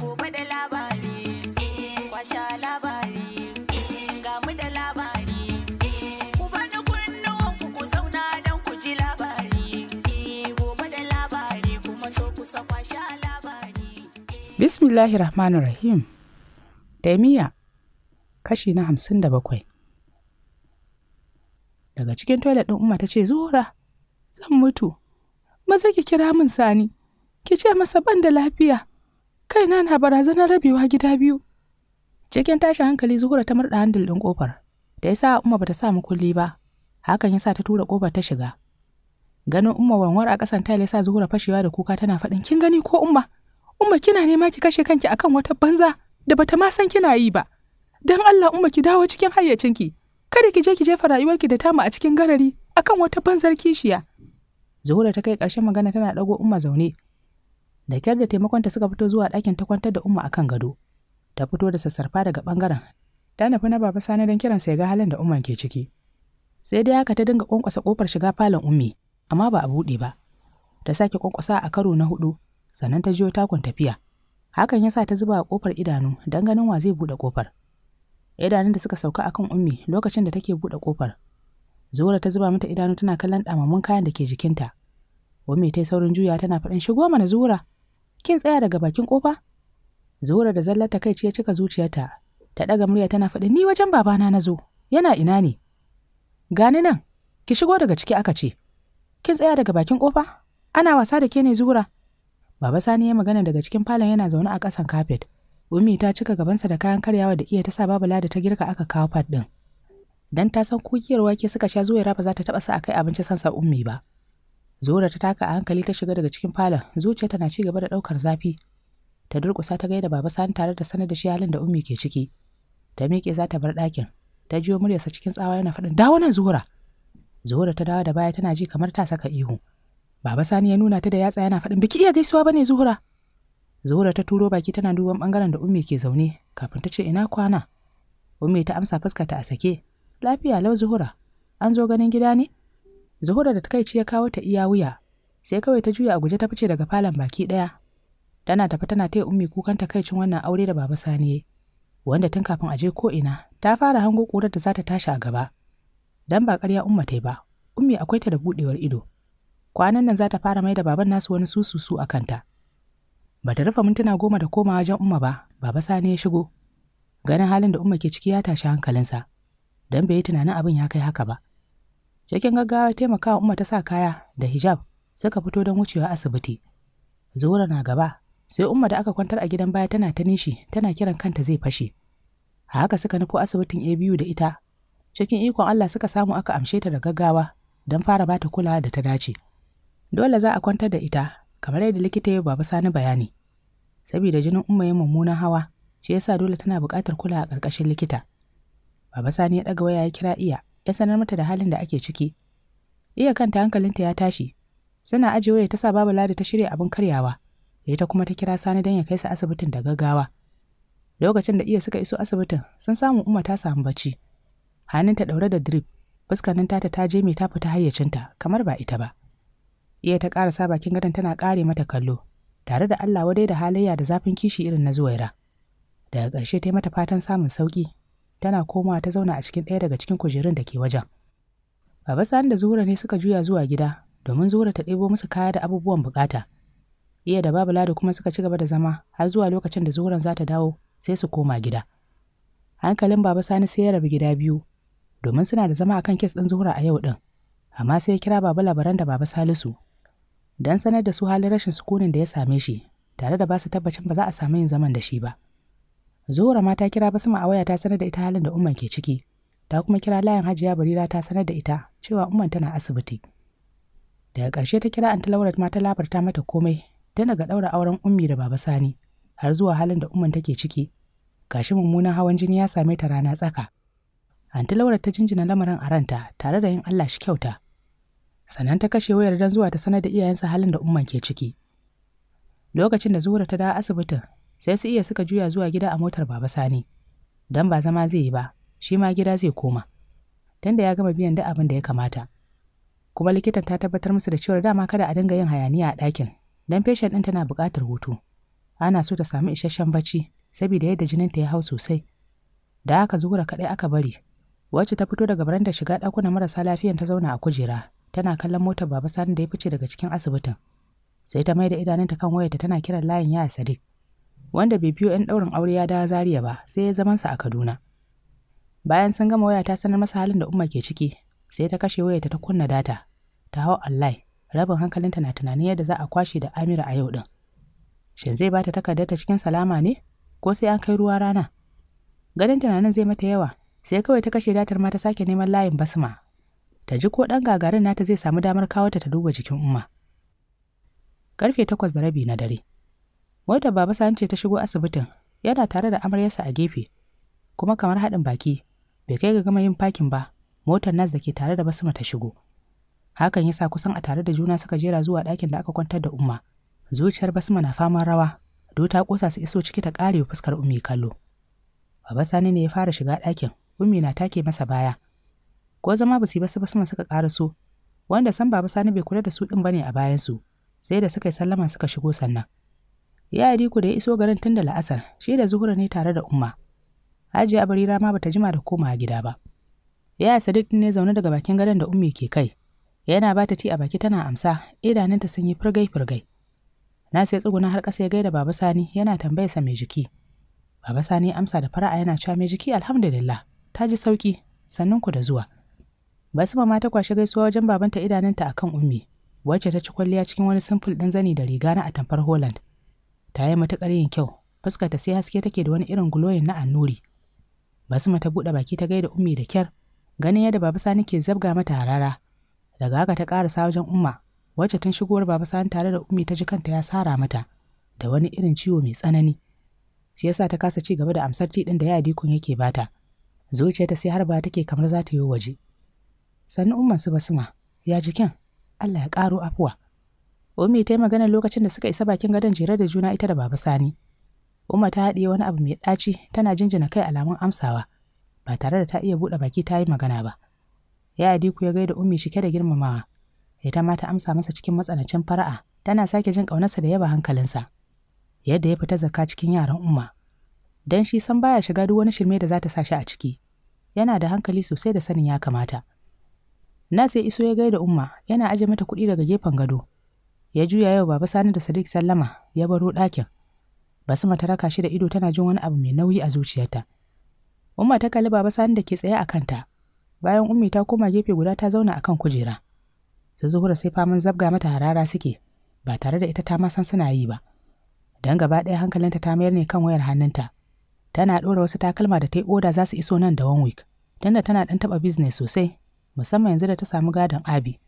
gobe da labari eh, kwasha labari eh, ga mu da labari eh, ku bani kunnuwan ku ku zauna don ku ji labari gobe da labari kuma so ku sa kwasha labari bismillahir rahmanir rahim taimiyya kashi na hamsin da bakwai daga cikin toilet ɗin umma ta ce zura zan mutu maza ki kira min sani ki ce masa ban da lafiya kaina na barazanar rabewa gida biyu cikin tashin hankali zuhura ta murɗa handil ɗin kofar. da ya sa umma bata sa mukulli ba hakan ya sa ta tura ƙofar ta shiga ganin umma wanwar a ƙasan tayil ya sa zuhura fashewa da kuka tana faɗin kin gani ko umma umma kina nema ki kashe kanki akan wata banza da bata ma san kina yi ba dan Allah umma ki dawo cikin hayyacinki kada ki je ki jefa rayuwarki da tamu a cikin garari akan wata banzar kishiya zuhura ta kai ƙarshen magana tana ɗago umma zaune da kyar da taimakonta suka fito zuwa dakin ta kwantar da umma akan gado ta fito da sassarfa daga ɓangaren ta nufi na baba sani don kiransa ya ga halin da umman ke ciki sai dai haka ta dinga kwankwasa ƙofar shiga falon ummi amma ba a buɗe ba ta sake kwankwasa a karo na hudu sannan ta jiyo takon tafiya hakan ya sa ta zuba a ƙofar idanu don ganin wa zai buɗe ƙofar idanun da suka sauka akan ummi lokacin da take buɗe ƙofar zuwa ta zuba mata idanu tana kallon ɗamamin kayan da ke jikinta ummi ta yi saurin juya tana faɗin shigo mana zura Kin tsaya daga bakin kofa? Zuhura da zallar takaici ya cika zuciyarta. Ta ɗaga murya tana faɗi ni wajen babana na zo. Yana ina ne? Gani nan, ki shigo daga ciki aka ce. Kin tsaya daga bakin kofa? Ana wasa da ke ne Zuhura? Baba Sani ya magana daga cikin falon yana zaune a ƙasan kafet. Ummi ta cika gabansa da kayan karyawa da iya ta sa babu lada ta girka aka kawo fat ɗin. Dan ta san kokiyar wake suka sha zuwa ba za ta taɓa sa a kai abinci sansa ummi ba. zora ta taka a hankali ta shiga daga cikin falon, zuciyarta na ci gaba da ɗaukar zafi. Ta durƙusa ta gaida Baba Sani tare da sanar da shi halin da Ummi ke ciki. Ta miƙe za ta bar ɗakin. Ta jiyo muryarsa cikin tsawa yana faɗin dawo nan Zuhura. zora ta dawo da baya tana ji kamar ta saka ihu. Baba Sani ya nuna ta da yatsa yana faɗin biki iya gaisuwa bane Zuhura. Zuhura ta turo baki tana duban bangaren da Ummi ke zaune kafin ta ce ina kwana. Ummi ta amsa fuskarta a sake. Lafiya lau Zuhura. An zo ganin gida ne? Zuhura da takaici ya kawo ta iya wuya, sai kawai ta juya a guje ta fice daga falon baki ɗaya. Tana tafi tana taya ummi kukan takaicin wannan aure da baba Sani wanda tun kafin a je ko ina ta fara hango ƙurar da za ta tashi a gaba. Dan ba ƙarya umma yi ba, ummi akwai ta da buɗewar ido. Kwanan nan za ta fara mai da baban nasu wani su-su-su a kanta. Ba ta rufe mintuna goma da komawa wajen umma ba, baba Sani ya shigo. Ganin halin da umma ke ciki ya tashi hankalinsa, dan bai yi tunanin abin ya kai haka ba. Cikin gaggawa taimakawa Umma ta sa kaya da hijab suka fito don wucewa asibiti. Zuhura na gaba, sai Umma da aka kwantar a gidan baya tana ta nishi, tana kiran kanta zai fashe. A haka suka nufo asibitin a ABU da ita. Cikin ikon Allah suka samu aka amshe ta da gaggawa don fara bata kulawa da ta dace. Dole za a kwantar da ita, kamar yadda likita ya baba Sani bayani. Saboda jinin Umma ya mummunan hawa, shi yasa dole tana buƙatar kula a ƙarƙashin likita. Baba Sani ya ɗaga waya ya kira iya, ya sanar mata da halin da ake ciki. Iya kanta hankalinta ya tashi, suna ajiye waya ta sa babu lada ta shirya abin karyawa, da ta kuma ta kira sani don ya kai su asibitin da gaggawa. Lokacin da iya suka iso asibitin, sun samu Umma ta samu bacci. ta ɗaure da drip, fuskanin tata ta je mai ta fita hayyacinta, kamar ba ita ba. Iya ta ƙarasa bakin gadon tana kare mata kallo, tare da Allah wadai da halayya da zafin kishi irin na zuwaira. Daga ƙarshe ta yi mata fatan samun sauƙi tana komawa ta zauna a cikin ɗaya daga cikin kujerun da ke wajen. Baba Sani da Zuhura ne suka juya zuwa gida domin Zuhura ta ɗebo musu kaya da abubuwan bukata. Iya da Babu Lado kuma suka ci gaba da zama har zuwa lokacin da Zuhuran za ta dawo sai su koma gida. Hankalin Baba Sani sai ya rabu gida biyu domin suna da zama akan kes ɗin Zuhura a yau ɗin. Amma sai ya kira Baba Labaran da Baba Salisu dan sanar da su halin rashin sukunin da ya same shi tare da ba su tabbacin ba za a samu yin zaman da shi ba. Zuhura ma ta kira Basma a waya ta sanar da ita halin da Umman ke ciki. Ta kuma kira layin Hajiya Barira ta sanar da ita cewa Umman tana asibiti. Daga ƙarshe ta kira Anta Laura ma ta labarta mata komai tana ga ɗaura auren Ummi da Baba Sani har zuwa halin da Umman take ciki. Gashi mummunan hawan jini ya same ta rana tsaka. Anta Laura ta jinjina lamarin a ranta tare da yin Allah shi kyauta. Sannan ta kashe wayar don zuwa ta sanar da iyayensa halin da Umman ke ciki. Lokacin da Zuhura ta dawo asibitin, sai su iya suka juya zuwa gida a motar baba sani don ba zama zai yi ba shi ma gida zai koma Tunda da ya gama biyan duk abin da ya kamata kuma likitan ta tabbatar musu da cewa dama kada a dinga yin hayaniya a ɗakin don feshin ɗin tana buƙatar hutu ana so ta samu isasshen bacci saboda yadda jininta ya hau sosai da aka zuhura kaɗai aka bari wacce ta fito daga barandar shiga ɗakunan marasa lafiyan ta zauna a kujera tana kallon motar baba sani da ya fice daga cikin asibitin sai ta maida idanunta kan wayarta tana kiran layin yaya sadiq wanda bai biyo 'yan ɗaurin aure ya dawo Zariya ba sai ya sa a Kaduna. Bayan sun gama waya ta sanar masa halin da Umma ke ciki, sai ta kashe wayarta ta kunna data, ta hau online, rabin hankalin ta na tunanin yadda za a kwashe da Amira a yau ɗin. Shin zai bata takardar ta cikin salama ne? Ko sai an kai ruwa rana? Ganin tunanin zai mata yawa, sai kawai ta kashe datar ma ta sake neman layin basma. Ta ji ko ɗan gagarin nata zai samu damar kawo ta ta duba jikin Umma. Karfe takwas da rabi na dare. Motar Baba Sani ce ta shigo asibitin, yana tare da amaryarsa a gefe, kuma kamar haɗin baki, bai kai ga gama yin fakin ba, motar nas da ke tare da Basma ta shigo. Hakan ya sa kusan a tare da juna suka jera zuwa ɗakin da aka kwantar da Umma. Zuciyar Basma na faman rawa, do ta kosa su iso ciki ta ƙare fuskar Ummi kallo. Baba Sani ne ya fara shiga ɗakin, Ummi na take masa baya. Ko zama ba su yi basu Basma suka ƙaraso, wanda san Baba Sani bai kula da su ɗin ba ne a bayansu, sai da suka yi sallama suka shigo sannan. Ya diku da ya iso garin tun da la'asar, shi da Zuhura ne tare da Umma. Hajiya bari rama bata jima da komawa gida ba. Ya Sadiq ne zaune daga bakin gadon da Ummi ke kai. Yana bata ti a baki tana amsa, idanunta sun yi furgai furgai. Na sai tsuguna har ƙasa ya gaida Baba Sani yana tambayarsa mai jiki. Baba Sani amsa da fara'a yana cewa mai jiki alhamdulillah, ta ji sauki, sannan ku da zuwa. basu ma ta kwashi gaisuwa wajen babanta idanunta akan Ummi, wacce ta ci kwalliya cikin wani simple ɗin zani da riga na atamfar Holland. ta yi matuƙar yin kyau fuskarta sai haske take da wani irin guloyin na annuri basma ta buɗe baki ta gaida ummi da kyar ganin yadda baba sani ke zabga mata harara daga haka ta ƙarasa wajen umma wacce tun shigowar baba sani tare da ummi ta ji kanta ya sara mata da wani irin ciwo mai tsanani shi yasa ta kasa ci gaba da amsar tiɗin da ya dikun yake bata zuciyarta sai har ba take kamar za ta yi waje sannan umman su basma ya ji kyan Allah ya karo afuwa Umi ta yi magana lokacin da suka isa bakin gadon jere da juna ita da Baba Sani. Umma ta haɗiye wani abu mai ɗaci tana jinjina kai alamun amsawa ba tare da ta iya buɗe baki ta yi magana ba. Ya Adiku ya gaida umi shike da girmamawa. Ita ma ta amsa masa cikin matsanancin fara'a tana sake jin ƙaunarsa da yaba hankalinsa. Yadda ya fita zakka cikin yaran Umma. Dan shi san baya shiga duk wani shirme da za ta sa shi a ciki. Yana da hankali sosai da sanin ya kamata. Na ya iso ya gaida Umma yana aje mata kuɗi daga gefen gado. ya juya yau baba sani da sadiq sallama ya baro ɗakin Basu ta raka shi da ido tana jin wani abu mai nauyi a zuciyarta umma ta kalli baba sani da ke tsaye a kanta bayan ummi ta koma gefe guda ta zauna akan kujera su zuhura sai faman zabga mata harara suke ba tare da ita ta ma san suna yi ba don gaba ɗaya hankalinta ta mayar ne kan wayar hannunta tana ɗora wasu takalma da ta yi oda za su iso nan da one week Tunda tana ɗan taɓa business sosai musamman yanzu da ta samu gadon abi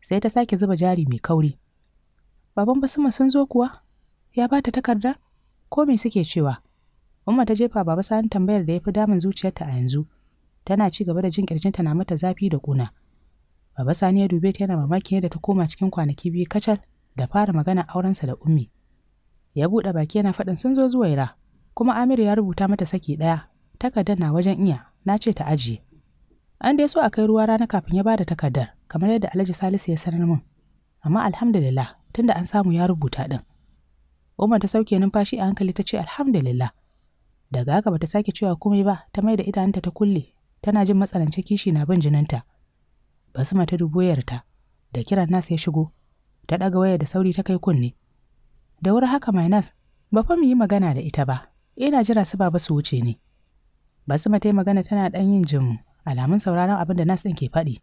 sai ta sake zuba jari mai kauri baban basuma sun zo kuwa ya ba ta takarda ko me suke cewa umma ta jefa baba sa'an tambayar da ya fi damun zuciyarta a yanzu tana ci gaba da jin ta na mata zafi da kuna baba sani ya dube ta yana mamaki yadda ta koma cikin kwanaki biyu kacal da fara magana aurensa da ummi ya buɗe baki yana faɗin sun zo zuwaira kuma Amir ya rubuta mata saki ɗaya takardar na wajen iya na ce ta ajiye an dai so a kai ruwa rana kafin ya bada takardar kamar yadda Alhaji Salisu ya sanar min amma alhamdulillah tunda an samu ya rubuta ɗin. Umar ta sauke numfashi a hankali ta ce alhamdulillah. Daga haka bata sake cewa komai ba ta mai da idanunta ta kulle tana jin matsanancin kishi na bin jininta. Basma ta dubo yarta da kiran nas ya shigo ta ɗaga waya da sauri ta kai kunne. Da wuri haka mai nas ba fa mu yi magana da ita ba ina jira su ba su wuce ne. Basma ta yi magana tana ɗan yin jin alamun sauraron abin da nas ɗin ke faɗi.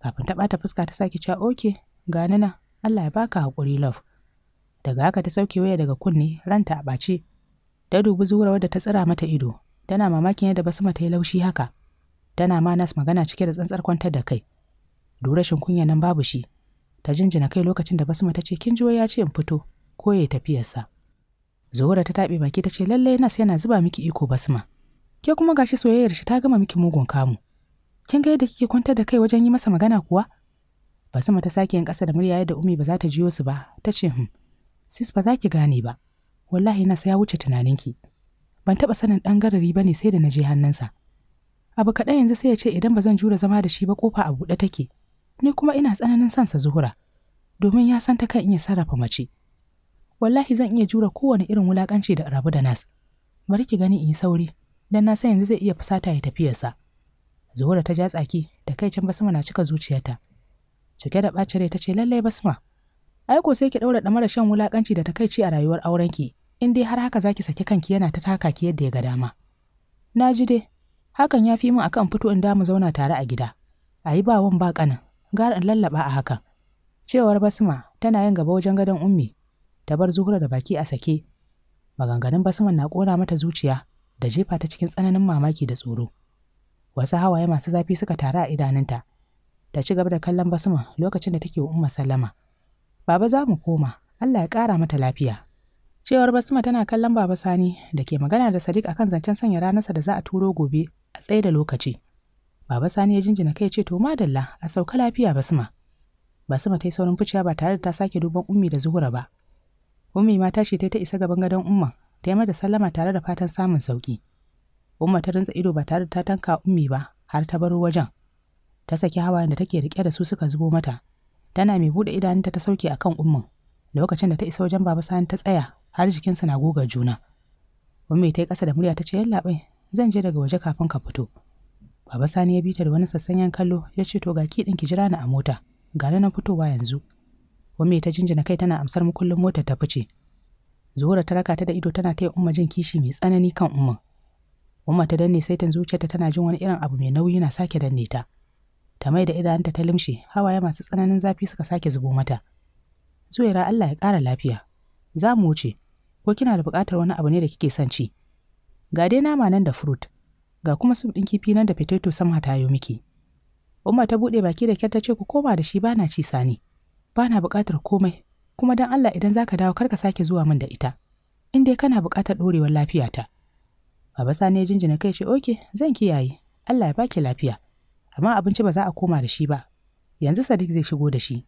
Kafin ta ɓata fuska ta sake cewa oke gani na Allah ya baka haƙuri love. Daga haka ta sauke waya daga kunne ranta a ɓace. Ta dubi zuwar wadda ta tsira mata ido, tana mamakin yadda basma ta yi laushi haka. Tana ma nas magana cike da tsantsar kwantar da kai. Durashin kunya nan babu shi. Ta jinjina kai lokacin da basma ta ce kin ji ya ce in fito ko ya tafiyarsa. Zuhura ta taɓe baki ta ce lallai nas yana zuba miki iko basma. Ke kuma gashi soyayyar shi ta gama miki mugun kamu. Kin ga yadda kike kwantar da kai wajen yi masa magana kuwa? ba Basima ta sake yin ƙasa da murya yadda Umi ba za ta jiyo su ba, ta ce, "Hm, sis ba za ki gane ba, wallahi na sa ya wuce tunaninki. Ban taɓa sanin ɗan garari ba ne sai da na je hannunsa. Abu kaɗan yanzu sai ya ce idan ba zan jura zama da shi ba kofa a buɗe take, ni kuma ina tsananin sansa zuhura, domin ya san ta kan iya sarrafa mace. Wallahi zan iya jura kowane irin wulaƙanci da rabu da nas. Bari ki gani in yi sauri, don na san yanzu zai iya fusata ya tafiyarsa. Zuhura ta ja tsaki, da kai can sama na cika zuciyarta. cike da ɓacin rai ta ce lallai basma ai ko sai ki ɗaura ɗamara shan wulaƙanci da takaici a rayuwar aurenki in dai har haka zaki saki kanki yana ta taka ki yadda ya ga dama na ji dai hakan ya fi min akan fito in damu zauna tare a gida a yi bawan ba ƙanin gara in lallaɓa a hakan cewar basma tana yin gaba wajen gadon ummi ta bar zuhura da baki a sake maganganun basman na ƙona mata zuciya da jefa ta cikin tsananin mamaki da tsoro wasu hawaye masu zafi suka taru a idanunta da ci gaba da kallon basma lokacin da take umma sallama baba za mu koma Allah ya kara mata lafiya cewar basma tana kallon baba sani da ke magana da sadiq akan zancen sanya ranarsa da za a turo gobe a tsaye da lokaci baba sani ya jinjina kai ce to madalla a sauka lafiya basuma basma ta yi saurin ficiya ba tare da ta sake duban ummi da zuhura ba ummi ma tashi ta ta isa gaban gadon umma, ta yi mata sallama tare da fatan samun sauki umma ta rintsa ido ba tare da ta tanka ummi ba har ta baro wajen ta saki hawayen da take rike da su suka zubo mata tana mai bude idanunta ta sauke akan ummin lokacin da ta isa wajen baba sani ta tsaya har jikinsa na goga juna ummi ta yi kasa da murya ta ce yallaɓai zan je daga waje kafin ka fito baba sani ya bita da wani sassanyen kallo ya ce to ga ki ɗin ki jira ni a mota ga na fitowa yanzu ummi ta jinjina kai tana amsar mu kullum motar ta fice zuhura ta raka ta da ido tana taya umma jin kishi mai tsanani kan umma umma ta danne saitin zuciyarta tana jin wani irin abu mai nauyi na sake danne ta ta mai da idanunta ta limshe hawaye masu tsananin zafi suka sake zubo mata zuwaira Allah ya ƙara lafiya za mu wuce ko kina da buƙatar wani abu ne da kike son ci ga dai nama nan da fruit ga kuma sup ɗin kifi nan da potato sama ta yo miki umma ta buɗe baki da kyar ta ce ku koma da shi bana ci sani bana buƙatar komai kuma dan Allah idan zaka dawo kar ka sake zuwa min da ita in dai kana buƙatar ɗorewar lafiyata baba sani ya jinjina kai ce oke zan kiyaye Allah ya baki lafiya amma abinci ba za a koma da shi ba yanzu sadiq zai shigo da shi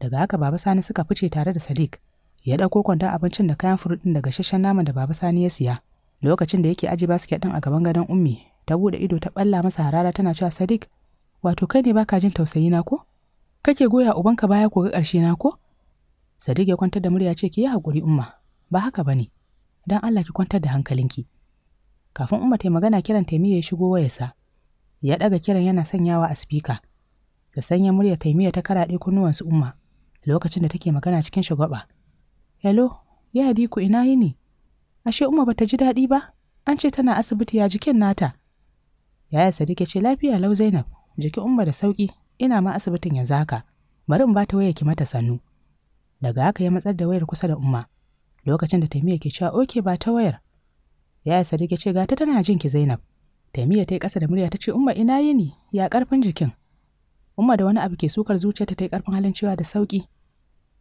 daga haka baba sani suka fice tare da sadiq ya ɗauko kwandon abincin da kayan furut ɗin daga shashen naman da baba sani ya siya lokacin da yake aji basket ɗin a gaban gadon ummi ta buɗe ido ta ɓalla masa harara tana cewa sadiq wato kai ne baka jin tausayi na ko kake goya ubanka baya ko ga ƙarshe na ko sadiq ya kwantar da murya ce ki yi hakuri umma ba haka bane dan Allah ki kwantar da hankalinki kafin umma ta yi magana kiran taimi ya shigo wayarsa ya ɗaga kiran yana sanyawa a spika. Da sanya murya taimiya ta karaɗe kunnuwansu umma lokacin da take magana cikin shagwaba. Hello, ya ku? ina yini? Ashe umma bata ji daɗi ba? An ce tana asibiti ya jikin nata. Yaya Sadiq ya ce lafiya lau Zainab, Jiki umma da sauki, ina ma asibitin yanzu haka. Bari in bata waya ki mata sannu. Daga haka ya matsar da wayar kusa da umma. Lokacin da taimiya ke cewa oke ba ta wayar. Yaya Sadiq ya ce gata tana jin ki Zainab. Taimiyya ta yi ƙasa da murya ta ce, Umma ina yini, ya ƙarfin jikin. Umma da wani abu ke sukar zuciyarta ta yi ƙarfin halin cewa da sauƙi.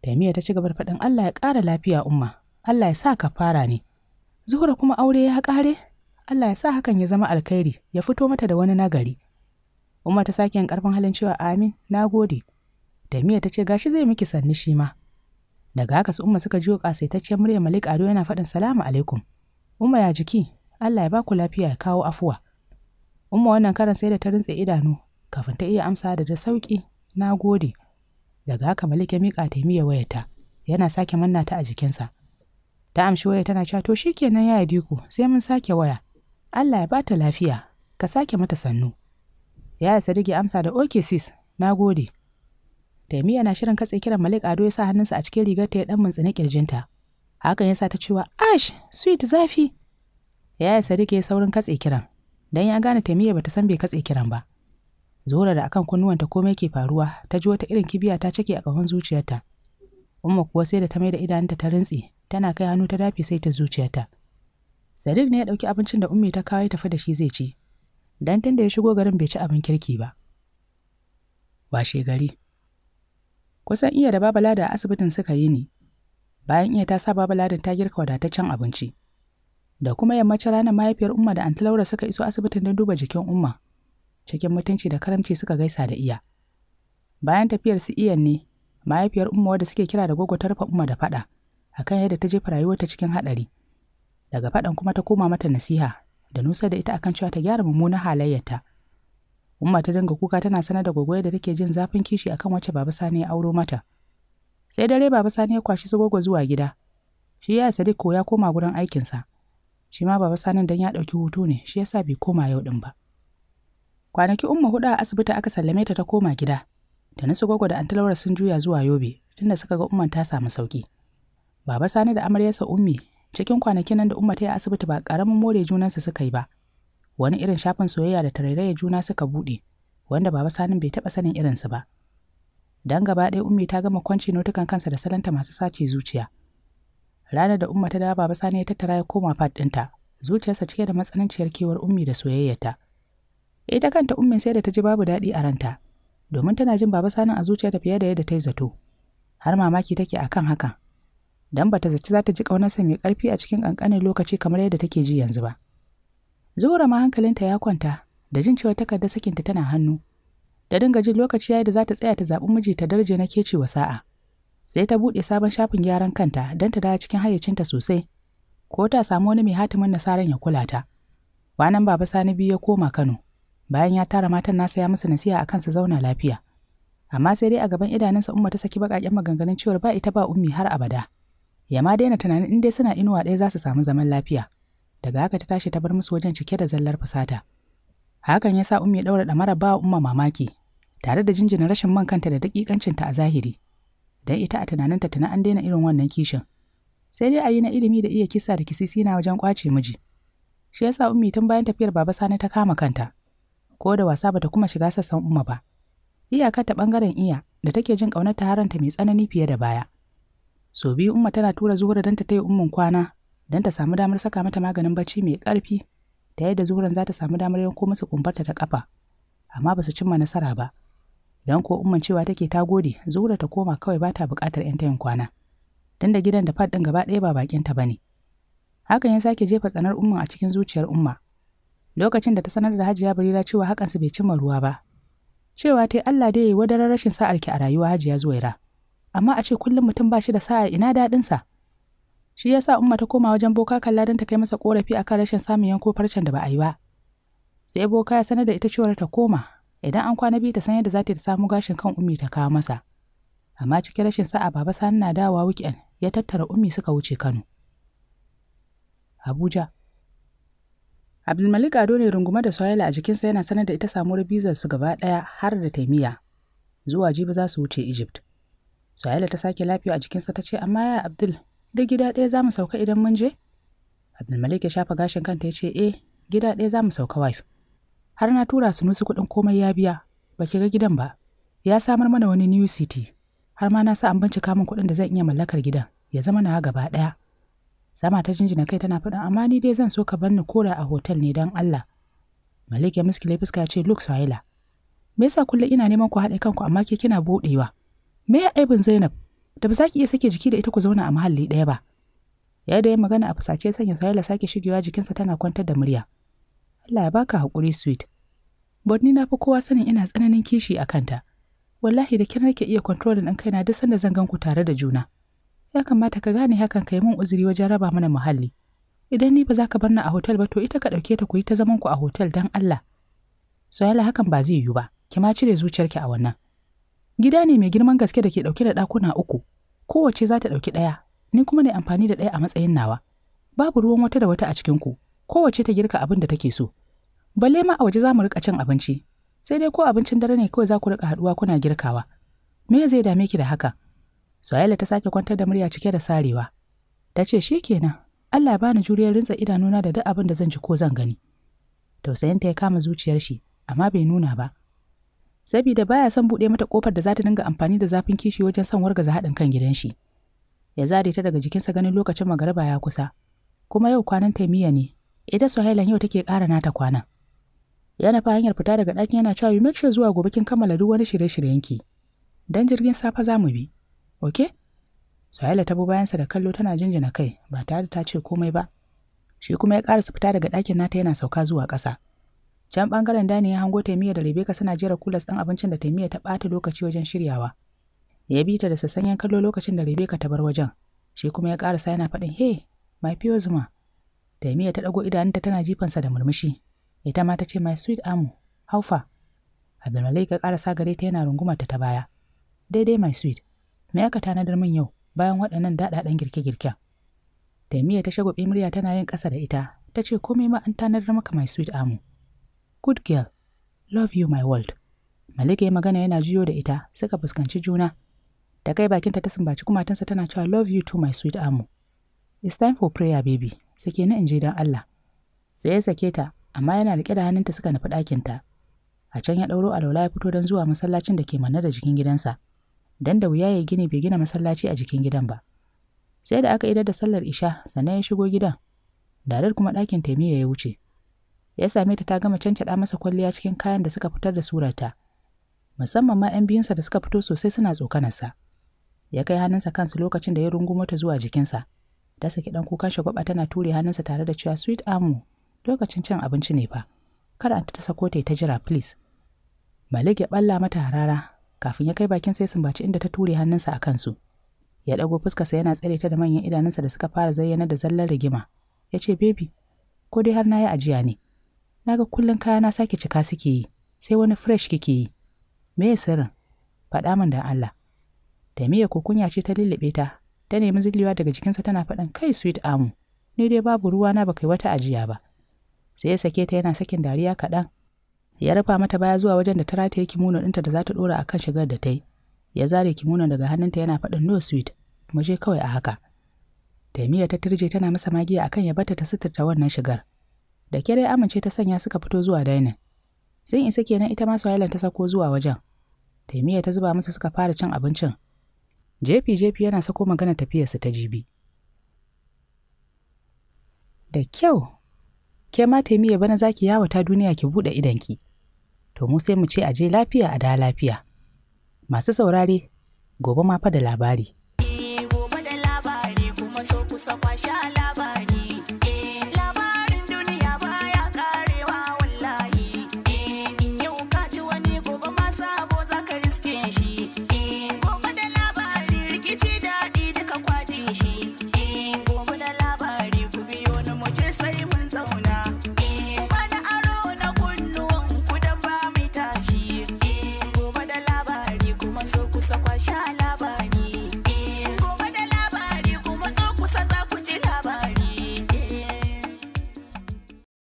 Taimiyya ta ci gaba da faɗin Allah ya ƙara lafiya Umma, Allah ya sa ka fara ne. Zuhura kuma aure ya ƙare, Allah ya sa hakan ya zama alkhairi, ya fito mata da wani nagari. Umma ta sake yin ƙarfin halin cewa amin, na gode. Taimiyya ta ce gashi zai miki sanni shi ma. Daga haka su Umma suka jiyo ƙasaitacciyar murya Malik Ado yana faɗin salamu alaikum. Umma ya jiki, Allah ya ba ku lafiya ya kawo afuwa. Umma wannan karan sai da ta rintse idanu kafin ta iya amsa da da sauƙi, na gode. Daga haka Malik ya miƙa taimiyya wayarta, yana sake manna ta a jikinsa. Ta amshi waya tana cewa to shikenan ya diku sai mun sake waya. Allah ya ba ta lafiya, ka sake mata sannu. Yaya Sadiq amsa da okay sis, na gode. Taimiyya na shirin katse kiran Malik Ado ya sa hannunsa a cikin rigar ta ya dan mintsina kirjinta. Hakan ya sa ta cewa Ash, sweet zafi. Yaya Sadiq ya saurin katse kiran. Dan ya gane Taimiyya bata san bai katse kiran ba. Zora da akan kunnuwanta komai ke faruwa, ta ji wata irin kibiya ta cike a ƙahon zuciyarta. Umma kuwa sai da ta mai da idanunta ta rintse, tana kai hannu ta dafe sai ta zuciyarta. Sadiq ne ya ɗauki abincin da Ummi ta kawo ya tafi da shi zai ci. Dan tun da ya shigo garin bai ci abin kirki ba. Washe gari. Kusan iya da Babalada a asibitin suka yi ni. Bayan iya ta sa Babaladin ta girka wadataccen abinci. da kuma yammacin ranar mahaifiyar Umma da Anti Laura suka iso asibitin don duba jikin Umma. Cikin mutunci da karamci suka gaisa da iya. Bayan tafiyar su iyan ne, mahaifiyar Umma wadda suke kira da gogo ta rufe Umma da faɗa akan yadda ta jefa rayuwarta cikin haɗari. Daga faɗan kuma ta koma mata nasiha da nusa da ita akan cewa ta gyara mummunan halayyarta. Umma ta dinga kuka tana sanar da gogo yadda take jin zafin kishi akan wacce Baba Sani ya auro mata. Sai dare Baba Sani ya kwashi su gogo zuwa gida. Shi ya Sadiq ya koma gurin aikinsa. shi ma baba sanin dan ya ɗauki hutu ne shi yasa bai koma yau ɗin ba kwanaki umma huɗu a asibiti aka sallame ta ta koma gida da nasu gwagwa da antalawar sun juya zuwa yobe tunda suka ga umman ta samu sauki baba sani da amaryarsa ummi cikin kwanaki nan da umma ta yi asibiti ba ƙaramin more junansa suka yi ba wani irin shafin soyayya da tarairayar juna suka buɗe wanda baba Sani bai taɓa sanin irinsu ba dan gaba ɗaya ummi ta gama kwanci notukan kansa da salanta masu sace zuciya Ranar da Umma ta Baba Sani ya tattara ya koma fat ɗinta, zuciyarsa cike da matsananciyar kewar Ummi da soyayyarta. Ita kanta Ummin sai da ta ji babu daɗi a ranta, domin tana jin Baba Sani a zuciyarta fiye da yadda ta yi zato. Har mamaki take akan hakan. Dan ba ta zaci za ta ji ƙaunarsa mai ƙarfi a cikin ƙanƙanin lokaci kamar yadda take ji yanzu ba. Zuwa ma hankalinta ya kwanta da jin cewa takardar sakinta tana hannu. Da dinga jin lokaci yi da za ta tsaya ta zaɓi miji ta darje na kece wa sa'a. sai ta buɗe sabon shafin gyaran kanta don ta dawo cikin hayyacinta sosai ko ta samu wani mai hatimin nasaran ya kula ta wanan baba sani biyu ya koma kano bayan ya tara matan nasa ya musu nasiha kan su zauna lafiya amma sai dai a gaban idanunsa umma ta saki baƙaƙen maganganun cewar ba ita ba ummi har abada ya ma daina tunanin in dai suna inuwa ɗaya za su samu zaman lafiya daga haka ta tashi ta bar musu wajen cike da zallar fusata hakan ya sa ummi ya ɗaura ɗamara ba umma mamaki tare da jinjina rashin man kanta da daƙiƙancinta a zahiri da ita a tunaninta tuna an daina irin wannan kishin sai dai a yi na ilimi da iya kisa da kisisi na wajen kwace miji shi yasa ummi tun bayan tafiyar baba sani ta kama kanta ko da wasa bata kuma shiga sassan umma ba iyakar ta bangaren iya da take jin kaunar ta haranta mai tsanani fiye da baya so biyu umma tana tura zuhura dan ta taya ummin kwana don ta samu damar saka mata maganin bacci mai karfi da yadda zuhuran za ta samu damar yanko musu kumbarta ta kafa amma ba su cimma nasara ba don ko umman cewa take ta gode zuhura ta koma kawai ba ta buƙatar 'yan tayin kwana don da gidan da fad ɗin gaba ɗaya ba bakin ta bane hakan ya sake jefa tsanar umman a cikin zuciyar umma lokacin da ta sanar da hajiya barira cewa hakansu bai cimma ruwa ba cewa ta Allah dai wadarar rashin sa'ar ki a rayuwa hajiya zuwaira amma a ce kullum mutum ba shi da sa'a ina daɗin sa shi yasa umma ta koma wajen boka kalla don ta kai masa korafi akan rashin samun yanko farcen da ba a yi ba sai boka ya sanar da ita cewar ta koma idan an kwana biyu ta san yadda za ta samu gashin kan ummi ta kawo masa amma cikin rashin sa'a baba sani na dawowa wikin ya tattara ummi suka wuce kano abuja abdulmalik ado ne rungume da soyala a jikinsa yana sanar da ita samu rabizar su gaba ɗaya har da taimiya zuwa jibi za su wuce egypt soyala ta sake lafiya a jikinsa ta ce amma ya abdul duk gida ɗaya za mu sauka idan mun je abdulmalik ya shafa gashin kanta ya ce eh gida ɗaya za mu sauka wife har na tura su nusu kuɗin komai ya biya ba ga gidan ba ya samar mana wani new city har ma na sa an bincika min kuɗin da zan iya mallakar gidan ya zama na gaba ɗaya sama ta jinjina kai tana faɗin amma ni dai zan so ka bar ni kora a hotel ne don Allah Malik ya miskile fuska ya ce Luke Sahila me yasa kullum ina neman ku haɗe kanku amma ke kina buɗewa me ya aibin Zainab da ba za ki iya sake jiki da ita ku zauna a mahalli ɗaya ba ya da yin magana a fusace sanya Sahila sake shigewa jikinsa tana kwantar da murya Allah ya baka haƙuri sweet. But ni na fi kowa sanin ina tsananin kishi a kanta. Wallahi da kin nake iya controlling ɗin kaina duk sanda zan ganku tare da juna. Ya kamata ka gane hakan ka yi min uzuri wajen raba mana muhalli. Idan ni ba za ka bar ni a hotel ba to ita ka ɗauke ta ku yi ta zaman ku a hotel don Allah. Soyala hakan ba zai yiwu ba, ki ma cire zuciyarki a wannan. Gida ne mai girman gaske da ke ɗauke da ɗakuna uku, kowace za ta ɗauki ɗaya, ni kuma ne amfani da ɗaya a matsayin nawa. Babu ruwan wata da wata a cikinku, kowace ta girka abin da take so. balle ma a waje za mu rika cin abinci sai dai ko abincin dare ne kawai za ku rika haduwa kuna girkawa me zai dame ki da haka Suhaila ta sake kwantar da murya cike da sarewa ta ce shikenan Allah ya bani juriyar rinsa idanuna da duk abin da zan ji ko zan gani tausayinta ya kama zuciyar shi amma bai nuna ba saboda baya son buɗe mata kofar da za ta dinga amfani da zafin kishi wajen son wargaza haɗin kan gidan shi ya zare ta daga jikinsa ganin lokacin magaraba ya kusa kuma yau kwanan taimiya ne ita suhailan yau take ƙara nata kwanan ya nufa hanyar fita daga ɗakin yana cewa you make sure zuwa gobe kin kammala duk wani shirye-shiryenki dan jirgin safa za mu bi okay Sahila ta bi bayansa da kallo tana jinjina kai ba tare da ta ce komai ba shi kuma ya ƙarasa fita daga ɗakin nata yana sauka zuwa ƙasa can ɓangaren dani ya hango taimiyya da rebeka suna jera kulas ɗin abincin da taimiyya ta ɓata lokaci wajen shiryawa ya bi ta da sassanyen kallo lokacin da rebeka ta bar wajen shi kuma ya ƙarasa yana faɗin he my pure zuma taimiyya ta ɗago idanunta tana jifansa da murmushi ita ma ta ce my sweet amu haufa abdulmalik ya sa gare ta yana rungumar ta ta baya daidai my sweet me aka tanadar min yau bayan waɗannan daɗaɗan girke-girken taimiyya ta shagwabe murya tana yin ƙasa da ita ta ce komai ma an tanadar maka my sweet amu good girl love you my world Malik ya magana yana jiyo da ita suka fuskanci juna. Da kai bakinta ta sumbaci kumatansa tana cewa love you too my sweet amu. It's time for prayer baby. Sake na in je don Allah. Sai ya sake ta amma yana riƙe da hannunta suka nufi ɗakinta. A can ya ɗauro alwala ya fito don zuwa masallacin da ke manne da jikin gidansa, dan da wuya ya gini bai gina masallaci a jikin gidan ba. Sai da aka idar da sallar isha sannan ya shigo gidan, dadar kuma ɗakin taimiyya ya wuce. Ya same ta ta gama cancaɗa masa kwalliya cikin kayan da suka fitar da surata, musamman ma 'yan biyunsa da suka fito sosai suna tsokanarsa. Ya kai hannunsa kansu lokacin da ya rungumo ta zuwa jikinsa, ta saki ɗan kukan shagwaba tana ture hannunsa tare da cewa sweet amu lokacin cin abinci ne fa kada an ta sako ta jira please malik ya balla mata harara kafin ya kai bakin sai sumbaci inda ta ture hannunsa a kansu ya ɗago fuskarsa yana tsare ta da manyan idanunsa da suka fara zayyana da zallar rigima ya ce baby ko dai har na yi ajiya ne na ga kullum kaya na sake cika suke yi sai wani fresh kike yi me sirrin faɗa min dan Allah miya ko kunya ce ta lullube ta ta nemi zilliwa daga jikinsa tana faɗan kai sweet amu ni dai babu ruwa na baka wata ajiya ba sai ya sake ta yana sakin dariya kaɗan ya rufa mata baya zuwa wajen da ta rataye kimono ɗinta da za ta ɗora a kan shigar da ta yi ya zare kimono daga hannunta yana faɗin no sweet kuma je kawai a haka taimiyya ta turje tana masa magiya akan ya bata ta suturta wannan shigar da kyar ya amince ta sanya suka fito zuwa dainin sun isa kenan ita ma ta sako zuwa wajen taimiyya ta zuba masa suka fara cin abincin jefi jefi yana sako magana tafiyarsu ta jibi da kyau ke ma taimi ya bana zaki yawata duniya ki buɗe idanki. To mu sai mu ce a je lafiya a da lafiya. Masu saurare, gobe ma fa da labari.